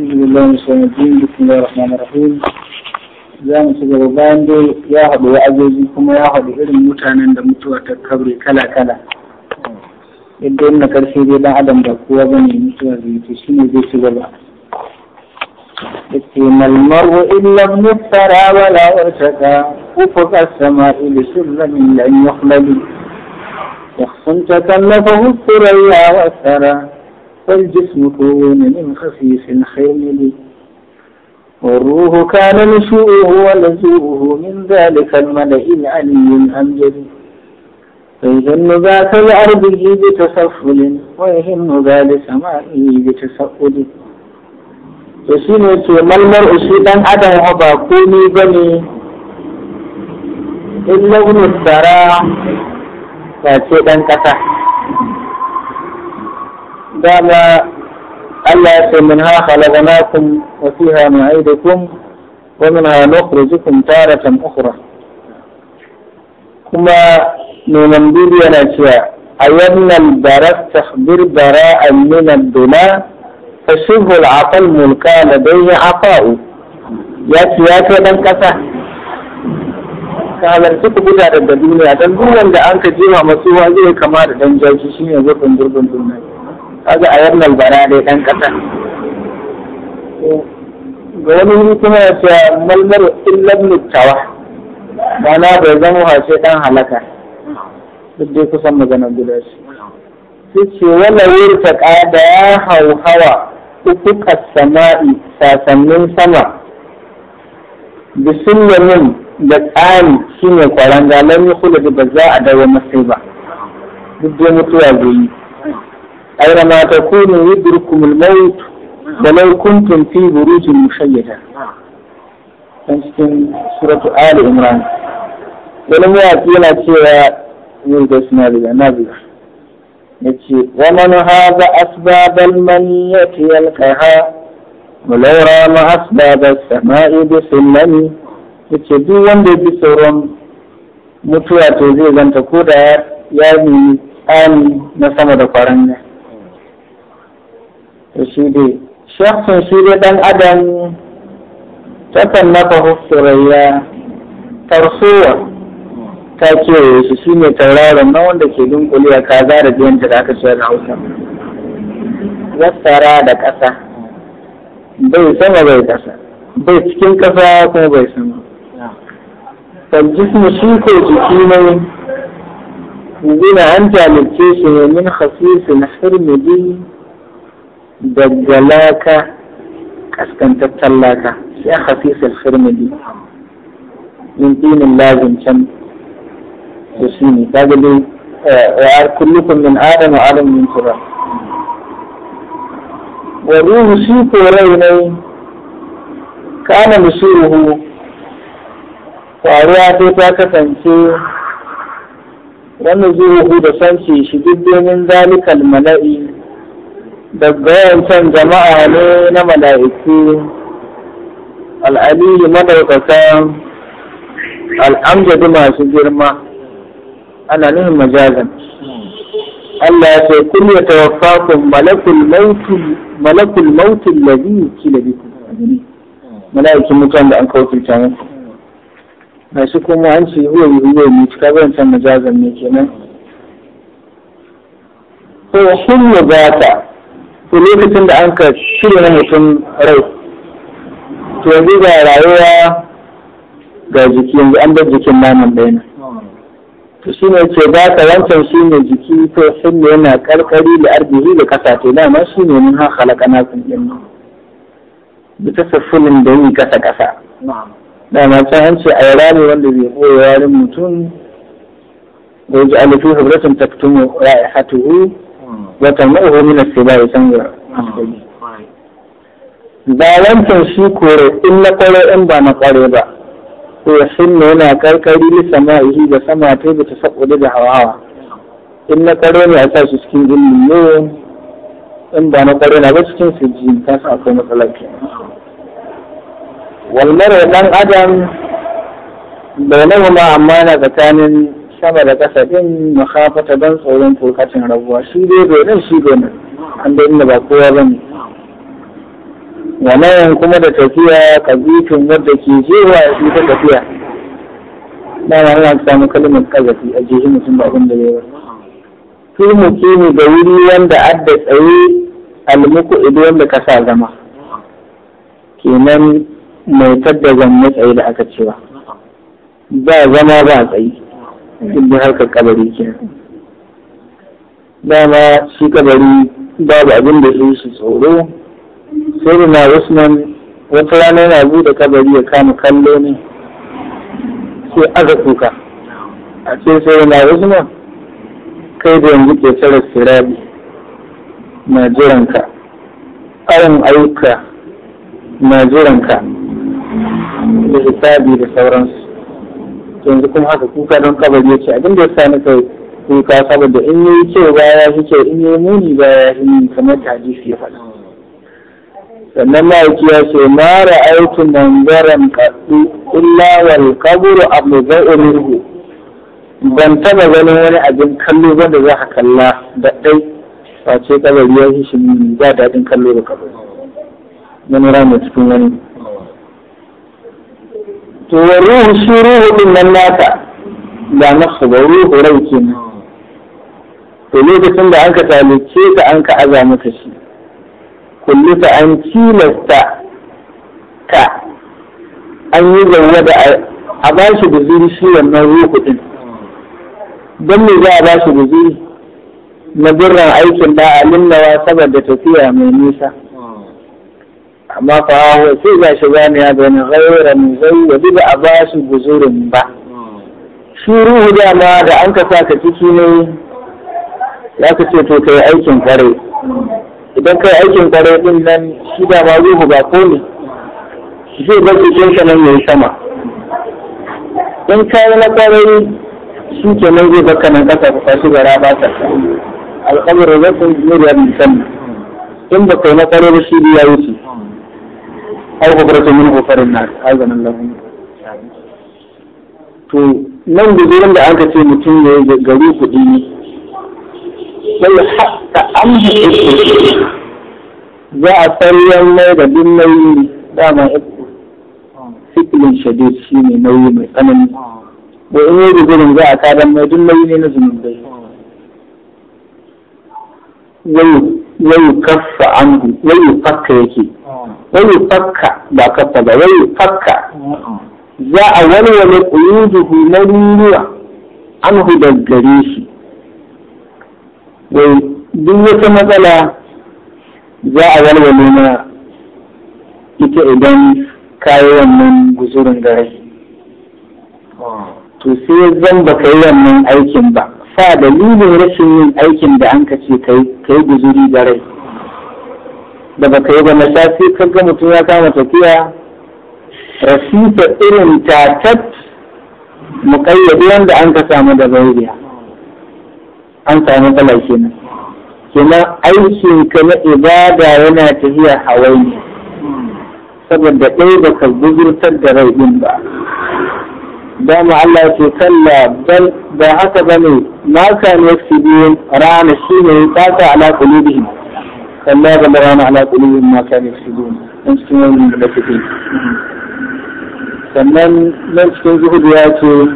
أعوذ بالله من الشيطان الرجيم بسم الله الرحمن الرحim za mu ci gaba bayan dai ya haɗu wa'azoji kuma ya haɗu irin mutanen da mutuwa ta kabre kala-kala yadda yin na ƙarshe dai ɗan adam da kowa ba ne mutuwa zai ce shi ne zai ci gaba yake malmaru illan mutara wala wartaka ufuk as-sama'i bi sirrin lan yukhlali yakhsun takallafahu as-suraya was-sara والجسم طول من خفيف خيل والروح كان نشوءه ولزوءه من ذلك الملئ العلي الأمجد فيهن ذات لأرضه بتسفل ويهن ذات سمائه بتسعد to shi ne ke malmar shi ɗan adam ba komi ba ne in launin tsara dama Allah ya ce min ha khalaqnakum wa fiha nu'idukum wa minha nukhrijukum taratan ukhra kuma mai mandiri yana cewa a yannan barat tahbir bara'an min ad-dula fashibhu al-aqal mulka ladayhi aqa'u ya ce ya kai dan kasa ka halarci ku guda daga duniya dan duk wanda an ka jima masuwa zai kama da dan jaji shine zurfin durbin duniya kaga a wannan bana ne dan kasa ga wani wuri kuma ya ce malmar illan ba na bai zama hace dan halaka duk dai kusan maganar guda shi su ce wala wuri ta ƙada ya hawa uku sama'i sasannin sama da sunyanin da tsari shine kwaranga lam kula da ba za a dawo masai ba duk dai mutuwa zai yi أينما تكونوا يدرككم الموت ولو كنتم في بروج مشيدة cikin suratu Ali Imran wani mawaƙi yana cewa yin da suna daga Nabiya ya ce wa man haza asbabal maniyati yalqaha yace duk wanda bi sauran mutuwa to zai zanta ko da ya nemi tsani na sama da kwaranya to shi dai shafin shi dai dan adam ta tallafa husurayya tarsuwa ta kewaye shi shi ne tauraron na wanda ke a kaza da biyan da aka ciyar da hausa wassara da ƙasa bai sama bai ƙasa bai cikin ƙasa kuma bai sama فالجسم شيك جسيمين zina an talice shi ne min khasisin hirmidi دجلاك كسكنت تلاك يا خفيف الخرم دي من دين الله اللازم شم يسيني تقول لي كلكم من آدم وعالم من سبا وليه سيك وريني كان مسيره فأريا تيتاك تنسي ونزيره بسنسي شديد من ذلك الملائي daga yawancan jama'a ne na mala'iku al'aliyu madaukakan al'amjadu masu girma ana nuhin majazan Allah ya ce kun ya kun malakul mautul malakul mautul ladhi yukila bikum mala'ikin mutum da an kawo muku mai su kuma an ce huwa huwa mai cika zancen majazan ne kenan Ko kun ya zata to lokacin da an ka shirya na mutum rai to yanzu ga rayuwa ga jiki yanzu an bar jikin namun bai na to shi ne ce ba ka wancan shi ne jiki to sun ne yana karkari da arziki da kasa to ma shi ne mun halaka na sun ɗin da ta safulin da yi kasa kasa dama can an ce a yi rami wanda zai koya yarin mutum da yanzu a alifi hibratun taktumu ra'ihatuhu ya kalma uhu min asiba ya canza ba wancan shi kore in na kware in ba na kware ba ko ya sunna yana karkari ni sama'ihi ga sama ta yi bata saboda da hawawa in na kware ne a sa su cikin gilli ne in ba na kware na ba cikin sujjin ta sa akwai matsala ke walmar dan adam bai nahu ma amma na tsakanin sama da ƙasa ɗin makafata don tsoron furkacin rabuwa shi dai bai nan shi bai nan an da inda ba kowa ba ne wannan kuma da tafiya kabitin wadda ke jewa shi ta tafiya na wannan an samun kalmar kazafi a jihi mutum ba abin da yi ba fi kini da wuri wanda adda tsaye almuku ido wanda ka sa zama kenan mai tadda zan matsayi da aka cewa ba zama ba tsaye inda harkar kabari ke dama shi kabari babu abin da ya shi tsoro sai da na usman wata rana yana buɗe kabari ya kama kallo ne sai aka kuka a ce sai da na usman kai da yanzu ke tsara sirabi na jiranka aron ayyuka na jiranka da hisabi da sauransu yanzu kuma haka kuka don kabari ya ce abin da ya sani kai kuka saboda in yi kyau ba ya fi kyau in yi muni ba ya fi muni kamar ta ya faɗa sannan ma'aiki ya ce ma ra'aitu garan kaɗu illa wal kaburu abu za'urihu ban taɓa ganin wani abin kallo ba da za ka kalla da ɗai face kabari ya fi shi ba daɗin kallo da kabari wani rana cikin wani to wa ruhu shi ruhu din nan naka ga nafsu ga ruhu rai kenan to lokacin da an ka talice ka an ka aza maka shi ta an tilasta ka an yi da a ba shi da ziri shi wannan ruhu din don me za a ba shi da ziri na birran aikin da alimnawa saboda tafiya mai nisa amma fa sai ga shi ba ya da wani ghaira min zai wa ba a ba su guzurin ba shi ruhu dama da an ka saka ciki ne Ya ka ce to kai aikin kare idan kai aikin kare din nan shi dama ruhu ba ko ne zai bar cikin sa nan yayi sama in kai na kare shi ke nan zai baka nan kasa ka shi gara ba ta alƙawarin zafin zuriyar musamman in ba kai na kare ba shi ya wuce ai kokarin mun kokarin na azanin lahum to nan da gudurin da aka ce mutum ya yi gari kuɗi sai hatta an buɗe za a tsariyar mai da duk nauyi dama ikku sikilin shadid shi ne nauyi mai tsanani da in yi gudurin za a kadan mai duk nauyi ne na zunubai wayu kaffa anhu wayu fakka yake wayu fakka ba kaffa ba wayu fakka za a walwale ƙuyuduhu na ruruwa an hudar gare shi wai duk wata matsala za a walwale na ita idan kayi wannan guzurin gare to sai zan baka yi wannan aikin ba sa dalilin rashin yin aikin da an ce ka yi guzuri da rai da ba ka yi ba na kaga mutum ya kama tafiya rasita irin tatat muƙayyadi wanda an ka samu da bauriya an samu kala kenan kenan aikin ka na ibada yana tafiya hawaii saboda ɗaya ba ka guzurtar da rai ɗin ba بام الله تسلى بل بعث بني ما كان يكسبون ران الشيء قاس على قلوبهم فلا بل ران على قلوبهم ما كان يكسبون انسكنون من بلسكين فمن نسكن زهد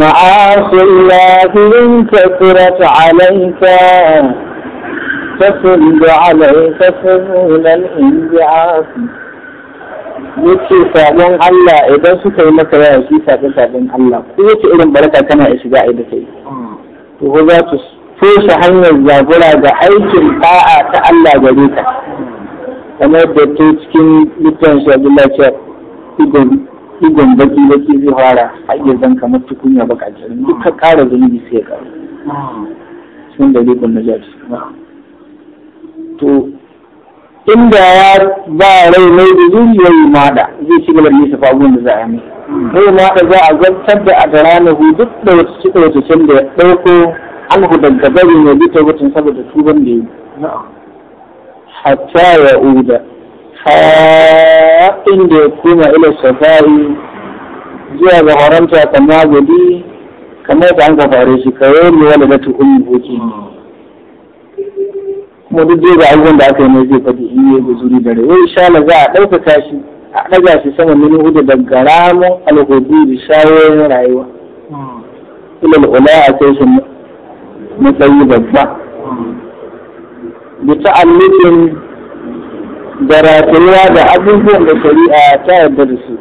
معاصي الله إن كثرت عليك فصل عليك فصل الانبعاث yace sabon Allah idan suka yi maka yawa su sabi sabon Allah ko wace irin baraka kana ya shiga ai da kai to ko za su toshe hanyar zagura ga aikin ba'a ta Allah gare ka kamar da ta cikin littafin shi Abdullah ce igon baki baki zai fara a iya zan kamar tukunya baka jirin duka kara zunubi sai ya kara sun da inda ya ba rai mai da zuri ya yi maɗa zai ci gaba da nisa fagun da za a yi maɗa za a zartar da a duk da wata ci da wata can da ya ɗauko an hudanta gari ne bi ta wutun saboda tuban da ya yi hatta ya uda ha inda ya koma ila safari zuwa ga haranta kama gudi kamar da an ka fare shi kawai ne wani da tu'un buki kuma duk dai da abubuwan da aka yi ne zai faɗi in yi guzuri da rai wai Allah za a ɗaukaka shi a ɗaga shi sama min hudu da ramin alhudu da shawarar rayuwa ilal Ola a kai shi matsayi babba bi ta'alluqin da ratuwa da abubuwan da shari'a ta yarda da su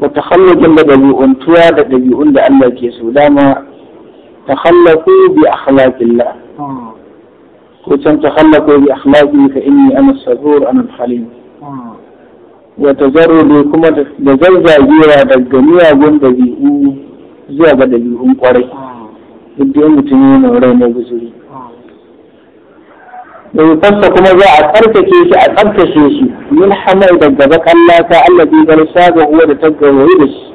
wa takhallujin da dabi'untuwa da dabi'un da Allah ke so dama takhallaku bi akhlaqillah وكم تخلقوا بأخلاقي فإني أنا الصبور أنا الحليم وتزروا كما تزلزا جيرا دجميا جن دبيئو زيا بدبيئو قري بدي أمتنين ورين يبزري da wutarsa kuma za a tsarkake shi a tsarkake shi min hamai da gaba kalla Allah allabi bar saga huwa da ta gawayi da shi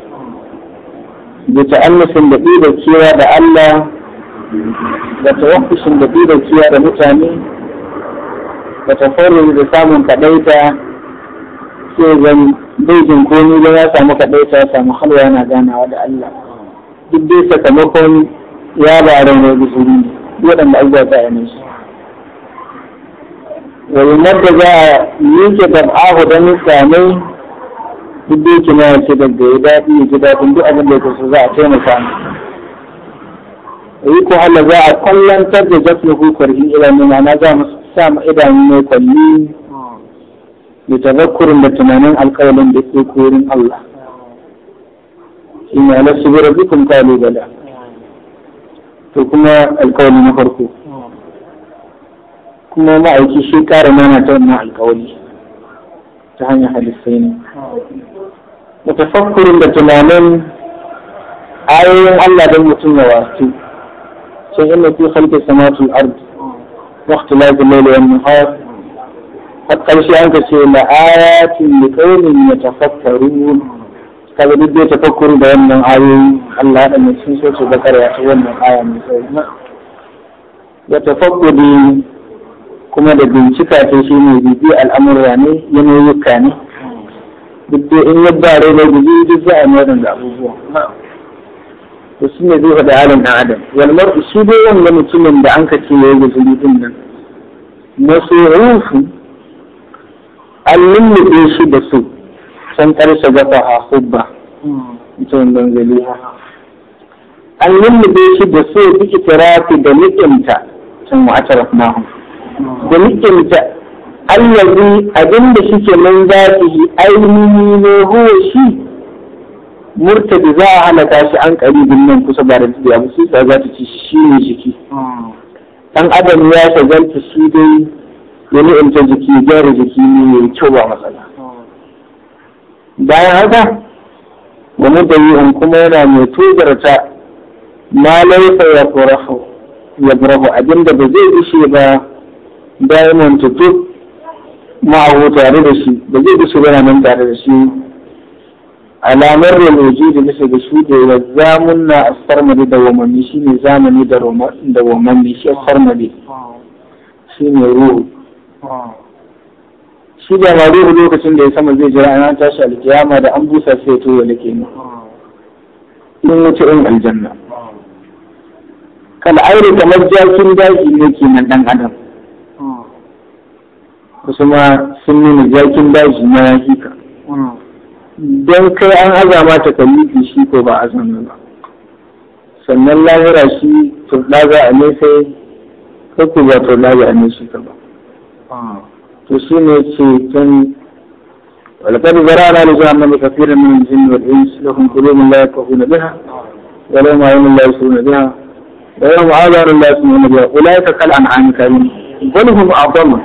da ta'annasin da da Allah da tawakkushin da kiwa da mutane da tafarri da samun kaɗaita sai zan daidin komi da ya samu kaɗaita ya samu halwa yana ganawa da Allah duk dai sakamakon ya ba rauni da gusuri ne waɗanda Allah ta yana su wa yumar da za a yake dab'ahu da mutane duk dai kina ya ce daga ya daɗi ya ji daɗin duk abin da ya kusa za a taimaka mu yi ko Allah za a kwallantar da jafi hukarhi idanu na za mu sa mu idanu ne kwalli da tazakkurin da tunanin alƙawalin da ke korin Allah Ina na su bura dukkan bikun gada. to kuma alkawali na farko kuma ma'aiki shi ƙara mana ta wannan alƙawali ta hanyar halittai ne da tafakkurin da tunanin ayoyin Allah don mutum ya wasu sai inna fi halke samawati wal ard wa ikhtilafi al-layli wan nahar har karshe an ce la ne ya tafakkaru ka kaga duk da tafakkuri da wannan ayoyi Allah da mai sun so su bakara ta wannan aya mai sauri. ya tafakkuri kuma da bincika ta shi ne bibi al'amurra ne yanayi ne duk da in yadda rai da bibi duk za a mayar da abubuwa to shi ne zai faɗi halin ɗan adam walmar su dai wanda mutumin da an kace ya yi guzuri din nan masurufu an lullube shi da su san ƙarshe gafa a hubba mutumin ha an lullube shi da su duk tirafi da ni'imta sun wa'ata rahmahu da ni'imta allazi abinda shi ke nan zafi ainihi ne huwa shi murtadi za a halaka shi an karibin nan kusa ba da tudu abu sai za ta ci shi ne jiki Ɗan adam ya shagalta su dai ya ni'imta jiki gyara jiki ne mai kyau ba matsala bayan haka da yi kuma yana mai tozarta ma laifa ya furahu ya furahu abinda ba zai ishe ba bayan duk ma'ahu tare da shi ba zai ishe ba nan tare da shi alamar da romoji da bisa ga su da ya zamun na farmari da wamanni shi ne zamani da wamanni shi farmari shi ne ruhu shi da ma ruhu lokacin da ya sama zai jira an tashi alkiyama da an busa sai to ya lake ne in wuce in aljanna kan aure kamar jakin daji ne ke nan dan adam kusa ma sun nuna jakin daji na ya hika don kai an azama ta kalli shi ko ba azami ba sannan lahira shi turɗa za a nesa ko ko ba turɗa za a nesa ta ba to shi ne ce tun walakar zara ala lisa amma mai kafirin min jin wa ɗin su da hunkulo min laye kafu na biya da ma yi min laye su na biya da ma azar min laye su na biha ulai ka kal an ani kari gwani hun abdallah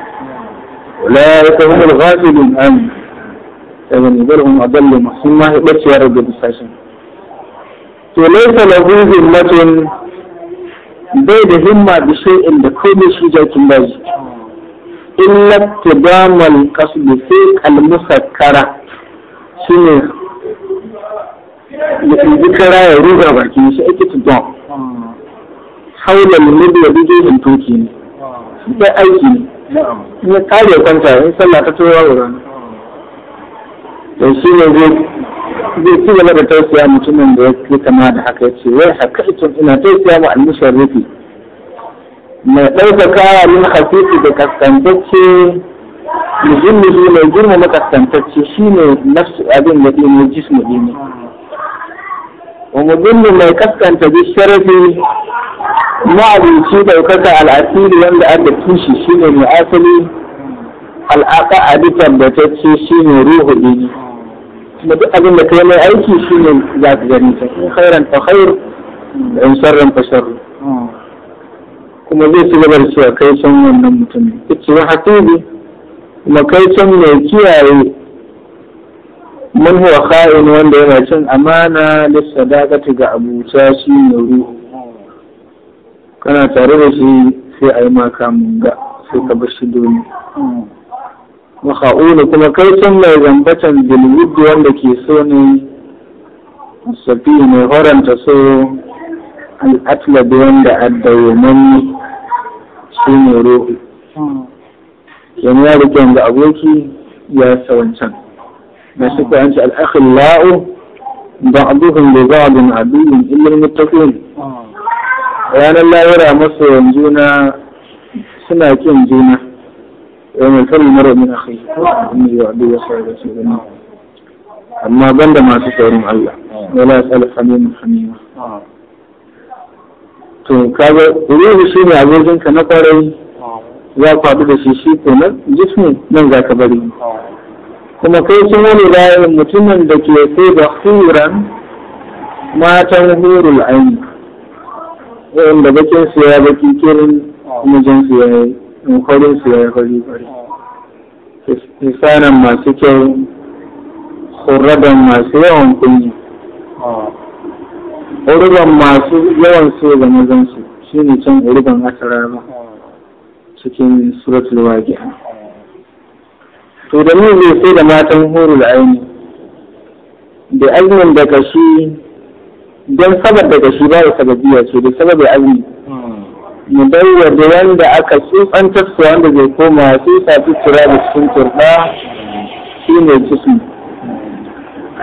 ulai ka hun alghafilun amin ibn balhum adallu sun ma hibaciyar da bisashin to na lahu matan bai da himma da shay'in da komai shi jakin baji illa tibamal qasdi fi al musakkara shine ya ɗibi kara ya ruga baki shi ake don haula lullubi da in toki ne sai aiki ne ya kare kwanta ya sallata ta towa rana to shi ne zai ci gaba da tausaya mutumin da ya kama da haka ya ce wai hakaitun ina tausaya mu almusharrifi mai ɗaukakawa min hafifi da kaskantacce muhimmi mai girma na kaskantacce shi ne nafsu abin da ɗin jismu ɗin wa mudullu mai kaskanta bi sharafi ma'abici ɗaukaka al'asiri wanda an da kishi shi ne mai asali al'aƙa a tabbatacce shi ne ruhu ɗini kuma duk abin da kai mai aiki shi ne za ka gani ta in khairan fa khair da in sarran fa sharru kuma zai ci gaba da cewa kai can wannan mutumin ita ya haƙiƙi kuma kai can mai kiyaye man huwa kha'in wanda yana cin amana da sadaqati ga abuta shi ne ruhu kana tare da shi sai a yi maka munga, ga sai ka bar shi dole maha'ulu kuma kai sun mai zambatan bilwudu wanda ke so ne safi mai horanta so al'atlabi wanda addawomani shi ne ruhu kenan ya rike yanzu aboki ya sa wancan na shi ko yanci al'akhillau ba'duhum li ba'din aduwwun illa al-muttaqin ranar lahira masoyan juna suna kin juna يوم يفر المرء من أخيه إني وعدي وصعد سيدنا أما بند ما تشعر مع الله ولا يسأل حميم حميمة to kaga ruhu shi ne abokinka na kwarai za ku da shi shi jismi nan za ka bari kuma kai sun wani bayan mutumin da ke sai da matan hurul aini wanda bakin su ya baki kirin ya yi in kwarin su ya yi kwari kwari isanan masu kyau kurraban masu yawan kunya urban masu yawan su ga mazansu shi ne can urban aka rama cikin suratul waqi'a to da ne zai sai da matan da aini da azumin da kashi don sabar da kashi ba da sababiya ce da sabar da mu bayyana wanda aka tsantsantar su wanda zai koma sai tafi tura da cikin turba shi ne jismi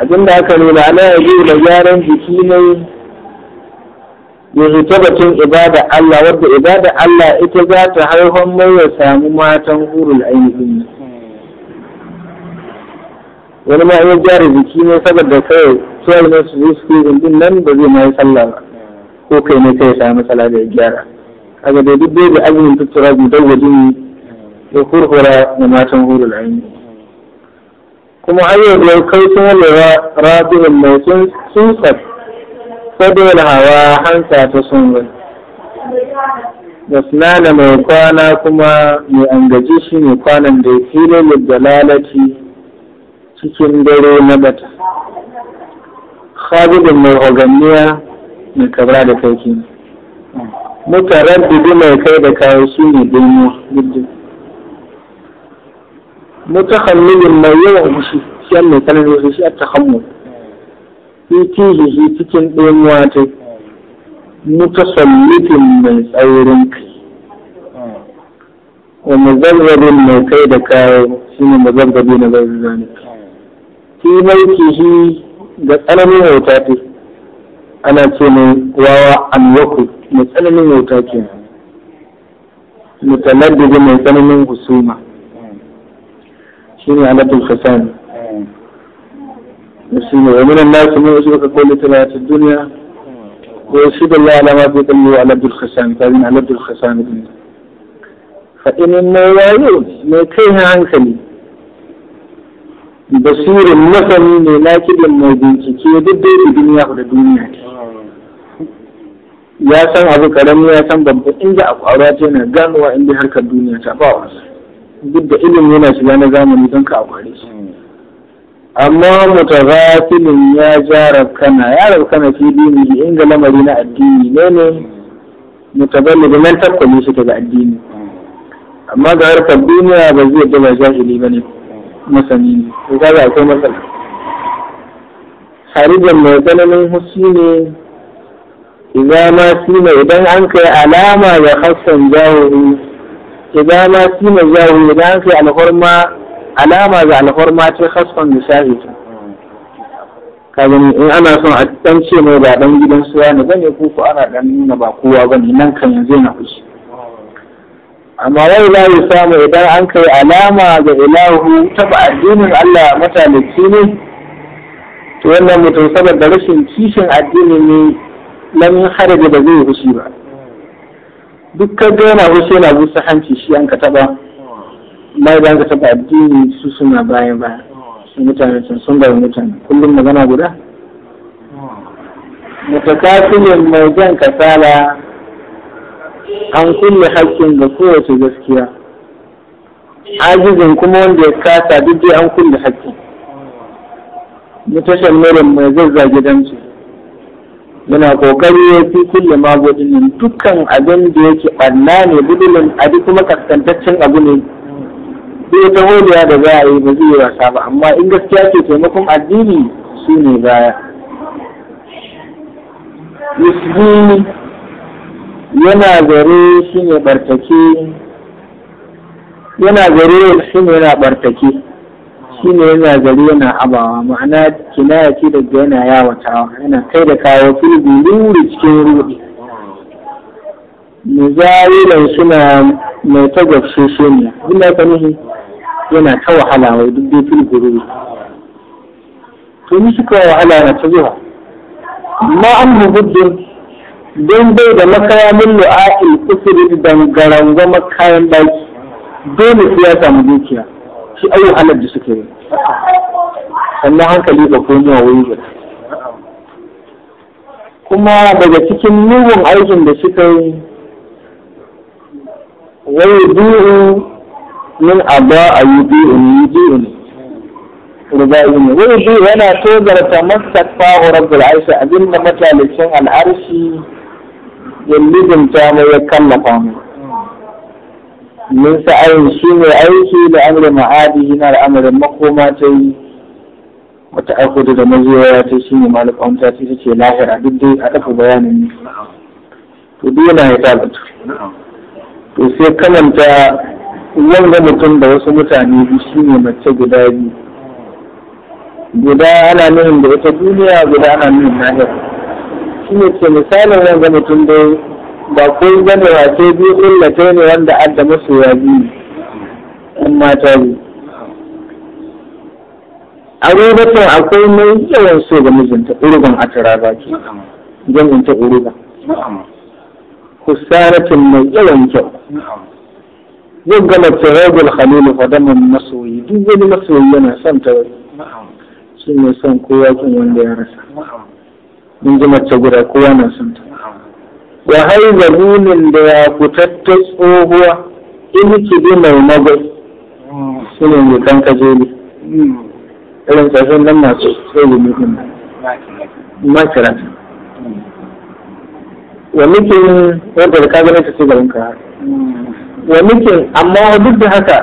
abin da aka nuna ana yanzu da gyaran jiki ne yanzu ta batun ibada Allah wadda ibada Allah ita za ta haifar mai ya samu matan hurul ainihin wani ma yi gyara jiki ne saboda kai sai ne su yi su nan da zai mai sallah ba ko kai ne kai samu sallah da ya gyara kaga dai duk dai da azumin waje ne ya hurhura da matan hurul aini kuma har da kai sun walewa rabi'ul mai sun sabo da hawa hansa ta sun da da mai kwana kuma mai angaji shi ne kwanan da filin dalalati cikin dare na bata khalidin mai hoganniya mai kabra da kai bi mai kai da kayan su ne hannu yin mai yawa fushi shi mai tsananin fushi shi at-tahammul fi shi cikin ɗayan wata mutasallitin mai tsaurin kai wa muzarrabin mai kai da kayan shi ne muzarrabi na zai zanika fi mai tihi ga tsananin hauta ta ana ce mai wawa an waku mai tsananin wuta ke mutaladdidi mai tsananin husuma shi ne alatul fasani shi ne wani nan nasu ne wasu baka ta talatin duniya ko shi da Allah alama fi kalli wa alatul fasani ta zina alatul fasani din fa'inin mai wayo mai kai hankali basirin masani ne na kiɗin mai bincike duk dai duniya da duniya ya san abu karami ya san babba inda a kwara ta yana ganowa inda harkar duniya ta ba wasa duk da ilimi yana shiga na zamani don ka akware shi hmm. amma mutazafilin ya ja rabkana ya rabkana fi dini inga lamari na addini ne ne mutaballiga nan tabbali shi daga addini hmm. amma ga harkar duniya ba zai daba jahili ba ne hmm. masani ne ko kaga akwai matsala harijan mai tsananin hussu ne idan ma sima idan an kai alama da hassan jawohi idan ma sima jawohi idan an kai alhorma alama da alhorma ce hassan in ana son a ɗan ce mai ba ɗan gidan su ne, zan yi kuku ana ɗan nuna ba kowa ba ne, nan kan yanzu yana kushi. amma wai za yi samu idan an kai alama ga ilahu ta ba addinin Allah matalici ne to wannan mutum saboda rashin kishin addini ne lamin harabe da zai hushi ba duk ka ga yana hushi yana busa hanci shi an ka taba mai ban ka taba addini su suna bayan ba su mutane sun sun da mutane kullum magana guda mutakafilin mai jan kasala an kulle haƙƙin ga kowace gaskiya ajizin kuma wanda ya kasa duk dai an kulle haƙƙin mutashammirin mai zazzage ce? muna kokari ya fi kulle nan dukkan abin da yake ɓanna ne budulin duk kuma kaskantaccen abu ne sai ta hodiya da za a yi ba zai yi wasa ba amma in gaskiya ke taimakon addini su ne baya musulmi yana gare shi ne ɓartake yana gare shi ne yana ɓartake. ne yana gari yana abawa ma'ana ya ce daga yana yawatawa yana kai da kawo fil buluri cikin ruɗi muzawilan suna mai tagwabce shi ne ina ka nuhi yana ta wahala wai duk dai fil buluri to ni suka wahala na ta zuwa amma an buguddin don bai da makayamin lu'a'il kusurin dangarangon makayan baki dole su ya samu dukiya shi ayi halar da suke yi sannan hankali ba komiya wani ba kuma daga cikin mugun aikin da suka yi wai biyu min aba a yi biyu ne biyu ne rubayi ne wai biyu yana tozarta mastafa wa rabbul aisha abinda matalicin al'arshi ya lizinta mai ya kallafa mai min sa'ayin shi ne aiki da amurin ma'adi na da amurin makoma ta yi wata akudu da mazuwa ta shi ne malafan ta ce ce lahira duk dai a ɗafa bayanin ne to duk yana ya talatu to sai kamanta wanda mutum da wasu mutane biyu shi ne mace guda biyu guda ana nuhin da ita duniya guda ana nuhin lahira shi ne ce misalin wanda mutum dai ba kun gane wace biyu kullatai ne wanda an da masoya biyu in mata biyu a rubutun akwai mai yawan so ga mijinta urugan a ba ke jamin ta urugan husaratin mai yawan kyau zai gama tsiragul halilu fadaman masoyi duk wani masoyi yana son ta wani shi mai son kowa kin wanda ya rasa mun ji mace guda kowa na son ta wa haiza nunin da ya fitattar tsohuwa in bi mai magai su ne mai kan kajeli irin tsarfin nan masu tsohu ne kuma makirat wa mikin yadda da kaga ta ce garin ka wa mikin amma duk da haka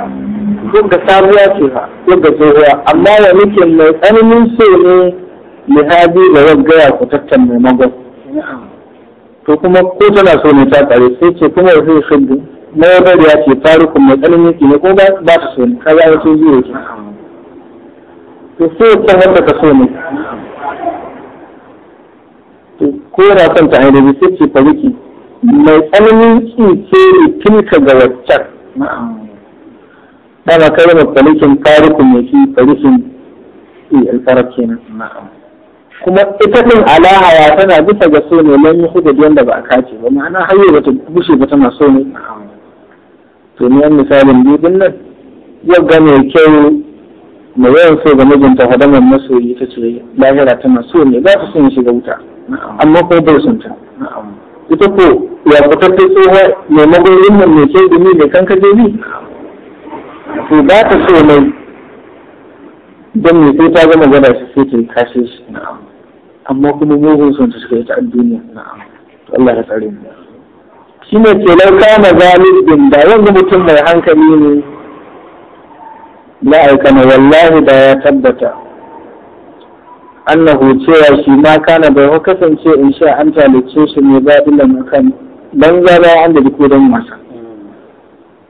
duk da sabuwa ce ha duk da tsohuwa amma wa mikin mai tsananin so ne lihabi da wagga ya tattan mai magai to kuma ko tana so ne ta tsare sai ce kuma wasu shuddu da ya ce farukun mai tsananin ne ko ba ta so ne ka za a so zuwa ke to sai ta wanda ka so ne ko yana son ta haini sai ce faruki? mai tsananin ki ce tilka ga waccan dama kai da farikun farukun mai ki farikin eh, alfarar kenan kuma ita din alaha ya tana bisa ga so ne lan yi da wanda ba a kace ba ma'ana da ta bushe ba tana so ne to ne misalin bibin nan yau ga kyau mai yawan so ga mijinta hadaman masoyi ta ce lahira tana so ne za ta son shiga wuta amma ko bai son ta ita ko ya fitattun da tsohuwa mai magoyin nan mai kyau dumi mai kanka ni? to ba ta so ne don me sai ta gama gwada shi sai ta kashe shi na'am amma kuma mugun sun suka yi ta duniya Allah ya tsare mu shi ne ke lauka na din da yanzu mutum mai hankali ne la'aikana wallahi da ya tabbata annahu cewa shi ma kana bai ya kasance in sha an talice shi ne ba ila makan dan zaba an da duk don masa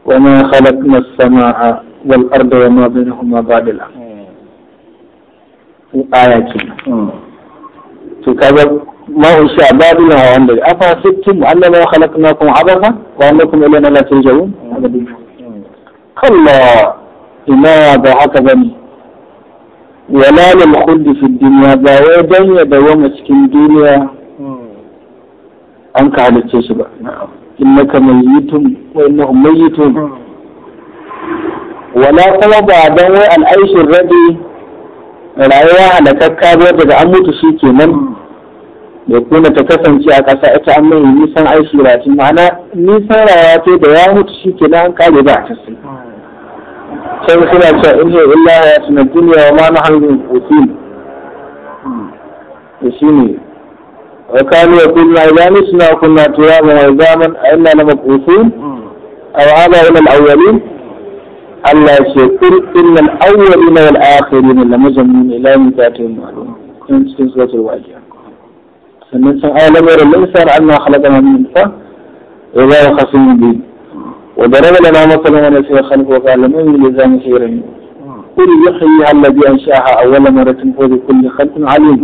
wa ma khalaqna as da wal arda wa ma bainahuma badila aya ce to kaga ma usha babila wa wanda afa sittum annama khalaqnakum abatha wa annakum ilayna la turja'un kalla ina ba haka bane wala lil khuld fi dunya ba wai dan ya dawama cikin duniya an ka halicce shi ba innaka mayyitun wa innahum mayyitun wala kuma ba dan wai al'aishin rabi rayuwa halakakka ba daga an mutu shi kenan ya kuma ta kasance a ƙasa ita an mai nisan aiki ratin ma'ana nisan rayuwa ce da ya mutu shi kenan nan kare ba a tasi sai suna cewa in ya illa ya suna duniya wa ma'ana hangin kusin da shi ne wa kanu ya kunna ya ni suna kunna turaban wa zaman a ina na makusin a wahala wani al'awwalin Allah ya ce kul innal awwalina wal akhirin la majnun ila mutatin ma'lum kun cikin suratul waqi'a sannan san ayyul lamar al anna khalaqa min nutfa idha huwa khasimun bi wa daraba lana masalan wa nasiya khalqu wa qala man yulzamu khayran قل يحييها الذي انشاها اول مره هو بكل خلق عليم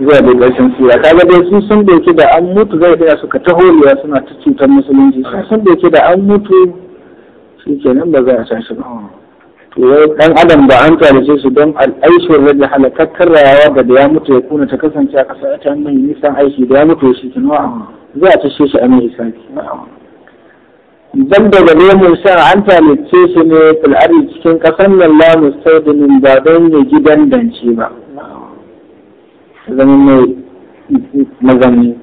zuwa da ƙarshen sura kaga dai sun da dauke da an mutu zai da suka taho suna ta cutar musulunci sun sun dauke da an mutu shi kenan ba za a tashi ba to ɗan adam ba an tsarice su don al'aishar da halakakkar rayawa ba da ya mutu ya kuna ta kasance a ƙasa ta hanyar nisan aiki da ya mutu shi nawa za a tashe shi a mai hisabi dan daga lemun sha an talice shi ne fil'ari cikin ƙasar nan la mustaudinin ba don ya gidan dance ba zaman mai mazanni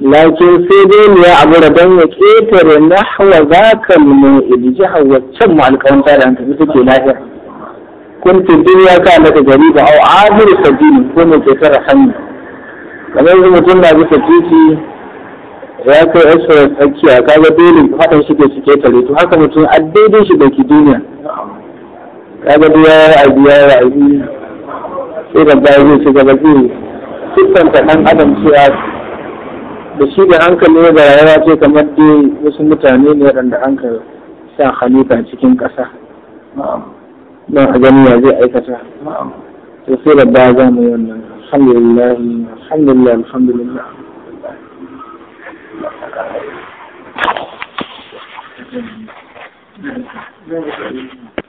lakin sai dai ne ya abu da don ya ƙetare na hawa za ka mu ji hawa can mu alƙawanta da hankali suke lafiya kun ce duniya ka mata gari ba au adiru sabini ko mu ke sarra hannu kamar yanzu mutum na bisa titi ya kai ashirar tsakiya ka ga dole haɗin shi ke su ƙetare to haka mutum a daidai shi da ki duniya ka ga duk ya ra'ayi ya ra'ayi sai da bayan zai ci gaba zai siffanta ɗan adam cewa da shi da hankali ya rayuwa ce kamar dai wasu mutane ne waɗanda an ka sa halifa cikin kasa don a gani ya zai aikata to sai da ba za mu yi wannan alhamdulillah alhamdulillah alhamdulillah Thank you.